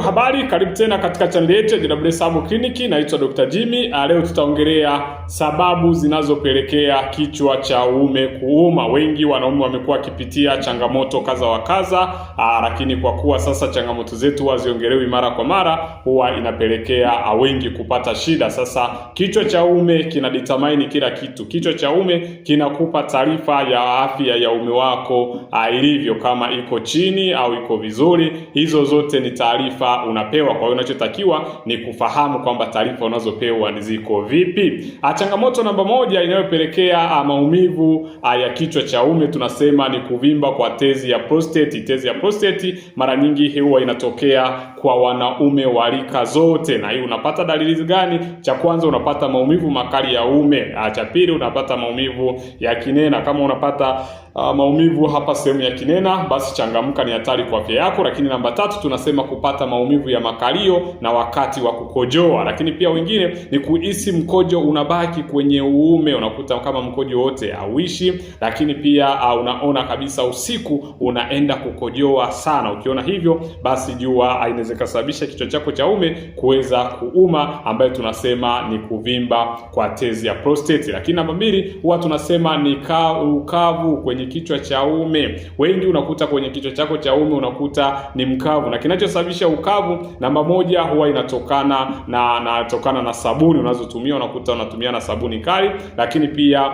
Habari, karibu tena katika chaneli yetu ya JW Sabo Clinic. Naitwa Dr. Jimmy. Leo tutaongelea sababu zinazopelekea kichwa cha uume kuuma. Wengi wanaume wamekuwa wakipitia changamoto kadha wa kadha, ah, lakini kwa kuwa sasa changamoto zetu huwa haziongelewi mara kwa mara, huwa inapelekea ah, wengi kupata shida. Sasa kichwa cha uume determine kila kitu. Kichwa cha uume kinakupa taarifa ya afya ya uume wako ah, ilivyo, kama iko chini au iko vizuri. Hizo zote ni taarifa taarifa unapewa. Kwa hiyo unachotakiwa ni kufahamu kwamba taarifa unazopewa ni ziko vipi. Ah, changamoto namba moja inayopelekea ah, maumivu ah, ya kichwa cha ume tunasema ni kuvimba kwa tezi ya prostate. Tezi ya prostate mara nyingi huwa inatokea kwa wanaume wa rika zote. Na hii unapata dalili gani? Cha kwanza unapata maumivu makali ya ume, Cha pili unapata maumivu ya kinena. Kama unapata uh, maumivu hapa sehemu ya kinena, basi changamka, ni hatari kwa afya yako. Lakini namba tatu tunasema kupata maumivu ya makalio na wakati wa kukojoa. Lakini pia wengine ni kuhisi mkojo unabaki kwenye uume, unakuta kama mkojo wote hauishi. Lakini pia uh, unaona kabisa usiku unaenda kukojoa sana. Ukiona hivyo basi jua inawezekana ikasababisha kichwa chako cha ume kuweza kuuma, ambayo tunasema ni kuvimba kwa tezi ya prostate. Lakini namba mbili huwa tunasema ni ukavu kwenye kichwa cha ume. Wengi unakuta kwenye kichwa chako cha ume unakuta ni mkavu, na kinachosababisha ukavu namba moja huwa inatokana na, natokana na sabuni unazotumia, unakuta unatumia na sabuni kali, lakini pia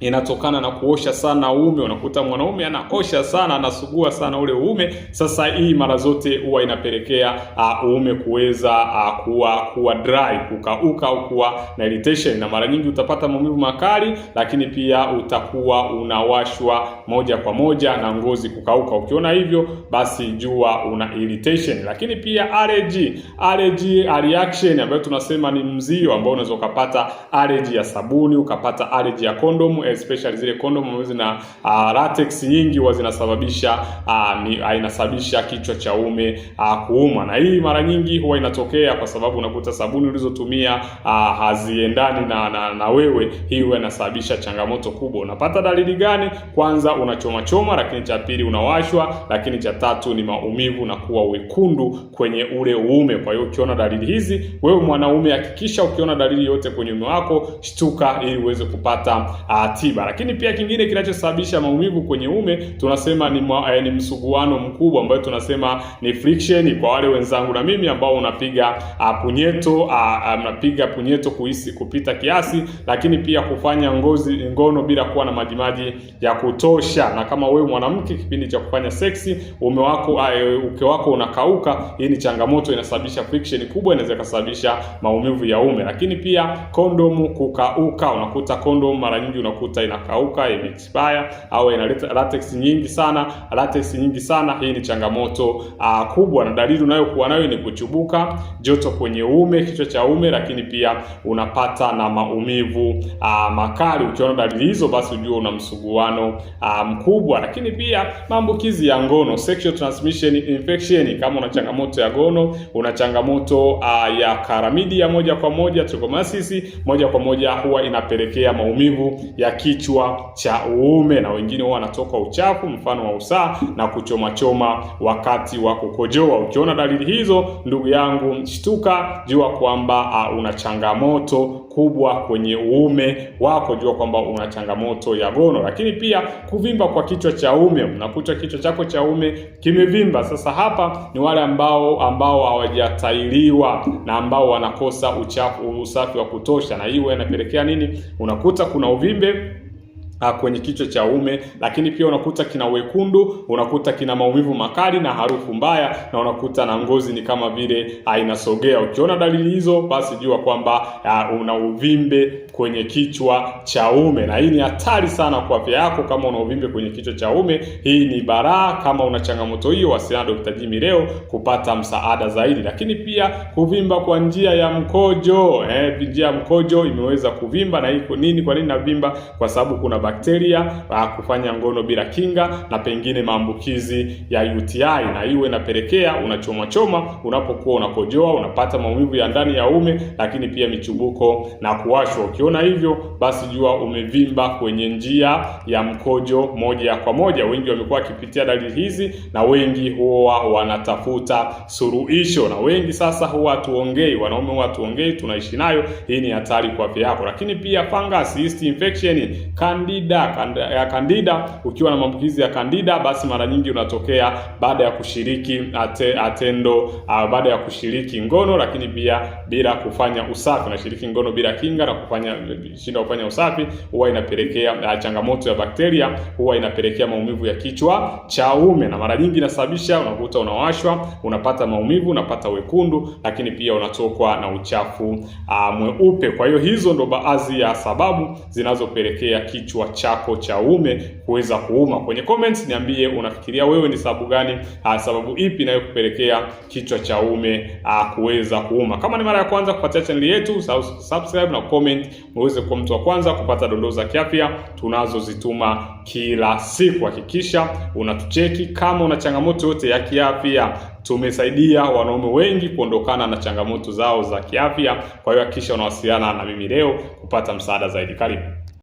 inatokana na kuosha sana uume. Unakuta mwanaume anaosha sana, anasugua sana ule uume. Sasa hii mara zote huwa inapelekea uh, uume kuweza uh, kuwa kuwa dry, kukauka au kuwa na irritation, na mara nyingi utapata maumivu makali, lakini pia utakuwa unawashwa moja kwa moja na ngozi kukauka. Ukiona hivyo, basi jua una irritation. Lakini pia allergy, allergy reaction ambayo tunasema ni mzio ambao unaweza ukapata allergy ya sabuni, ukapata allergy ya kondomu Eh, especially zile kondomu zina uh, latex nyingi huwa zinasababisha uh, inasababisha kichwa cha ume uh, kuuma, na hii mara nyingi huwa inatokea kwa sababu unakuta sabuni ulizotumia uh, haziendani na, na, na wewe. Hii huwa inasababisha changamoto kubwa. Unapata dalili gani? Kwanza unachoma choma, lakini cha pili unawashwa, lakini cha tatu ni maumivu na kuwa wekundu kwenye ule uume. Kwa hiyo ukiona dalili hizi, wewe mwanaume, hakikisha ukiona dalili yote kwenye ume wako, shtuka ili uweze kupata uh, tiba. Lakini pia kingine kinachosababisha maumivu kwenye ume tunasema ni, ma, eh, ni msuguano mkubwa ambayo tunasema ni friction kwa wale wenzangu na mimi ambao unapiga uh, punyeto uh, mnapiga um, punyeto kuhisi kupita kiasi, lakini pia kufanya ngozi ngono bila kuwa na majimaji ya kutosha. Na kama wewe mwanamke kipindi cha kufanya seksi ume wako uh, uke wako unakauka, hii ni changamoto inasababisha friction kubwa, inaweza kusababisha maumivu ya ume. Lakini pia kondomu kukauka, unakuta kondomu mara nyingi unakuta unakuta inakauka, ime expire au inaleta latex nyingi sana, latex nyingi sana. Hii ni changamoto uh, kubwa, na dalili unayokuwa nayo ni kuchubuka, joto kwenye ume, kichwa cha ume, lakini pia unapata na maumivu uh, makali. Ukiona dalili hizo, basi ujue una msuguano uh, mkubwa, lakini pia maambukizi ya ngono, sexual transmission infection. Kama una changamoto ya gono, una changamoto uh, ya karamidi ya moja kwa moja, trichomoniasis moja kwa moja, huwa inapelekea maumivu ya kichwa cha uume, na wengine huwa wanatoka uchafu mfano wa usaa na kuchoma choma wakati wa kukojoa. Ukiona dalili hizo, ndugu yangu, shtuka, jua kwamba uh, una changamoto kubwa kwenye uume wako, jua kwamba una changamoto ya gono. Lakini pia kuvimba kwa kichwa cha uume, unakuta kichwa chako cha uume kimevimba. Sasa hapa ni wale ambao ambao hawajatailiwa na ambao wanakosa uchafu usafi wa kutosha, na hiyo inapelekea nini? Unakuta kuna uvimbe Ah, kwenye kichwa cha ume, lakini pia unakuta kina wekundu, unakuta kina maumivu makali na harufu mbaya, na unakuta na ngozi ni kama vile ah, inasogea. Ukiona dalili hizo, basi jua kwamba ah, una uvimbe kwenye kichwa cha ume, na hii ni hatari sana kwa afya yako. Kama una uvimbe kwenye kichwa cha ume, hii ni baraa. Kama una changamoto hiyo, wasiliana na Dr. Jimmy leo kupata msaada zaidi. Lakini pia kuvimba kwa njia ya mkojo eh, njia ya mkojo imeweza kuvimba na iko nini? Kwa nini navimba? Kwa sababu kuna bakteria ah, kufanya ngono bila kinga na pengine maambukizi ya UTI, na hiyo inapelekea unachoma choma unapokuwa unakojoa, unapata maumivu ya ndani ya ume, lakini pia michubuko na kuwashwa Ukiona hivyo, basi jua umevimba kwenye njia ya mkojo moja kwa moja. Wengi wamekuwa wakipitia dalili hizi, na wengi huwa wanatafuta suluhisho, na wengi sasa huwa tuongei, wanaume huwa tuongei, tunaishi nayo. Hii ni hatari kwa afya yako. Lakini pia fungus, yeast infection, candida, ya candida. Ukiwa na maambukizi ya candida, basi mara nyingi unatokea baada ya kushiriki ate, atendo baada ya kushiriki ngono, lakini pia bila kufanya usafi, unashiriki ngono bila kinga na kufanya inashinda kufanya usafi, huwa inapelekea ah, changamoto ya bakteria, huwa inapelekea maumivu ya kichwa cha ume, na mara nyingi inasababisha unakuta unawashwa, unapata maumivu, unapata wekundu, lakini pia unatokwa na uchafu uh, mweupe. Kwa hiyo hizo ndo baadhi ya sababu zinazopelekea kichwa chako cha ume kuweza kuuma. Kwenye comments niambie unafikiria wewe ni sababu gani, uh, sababu ipi inayokupelekea kichwa cha ume uh, kuweza kuuma. Kama ni mara ya kwanza kupatia chaneli yetu, subscribe na comment uweze kuwa mtu wa kwanza kupata dondoo za kiafya tunazozituma kila siku. Hakikisha unatucheki kama una changamoto yote ya kiafya. Tumesaidia wanaume wengi kuondokana na changamoto zao za kiafya. Kwa hiyo hakikisha unawasiliana na mimi leo kupata msaada zaidi. Karibu.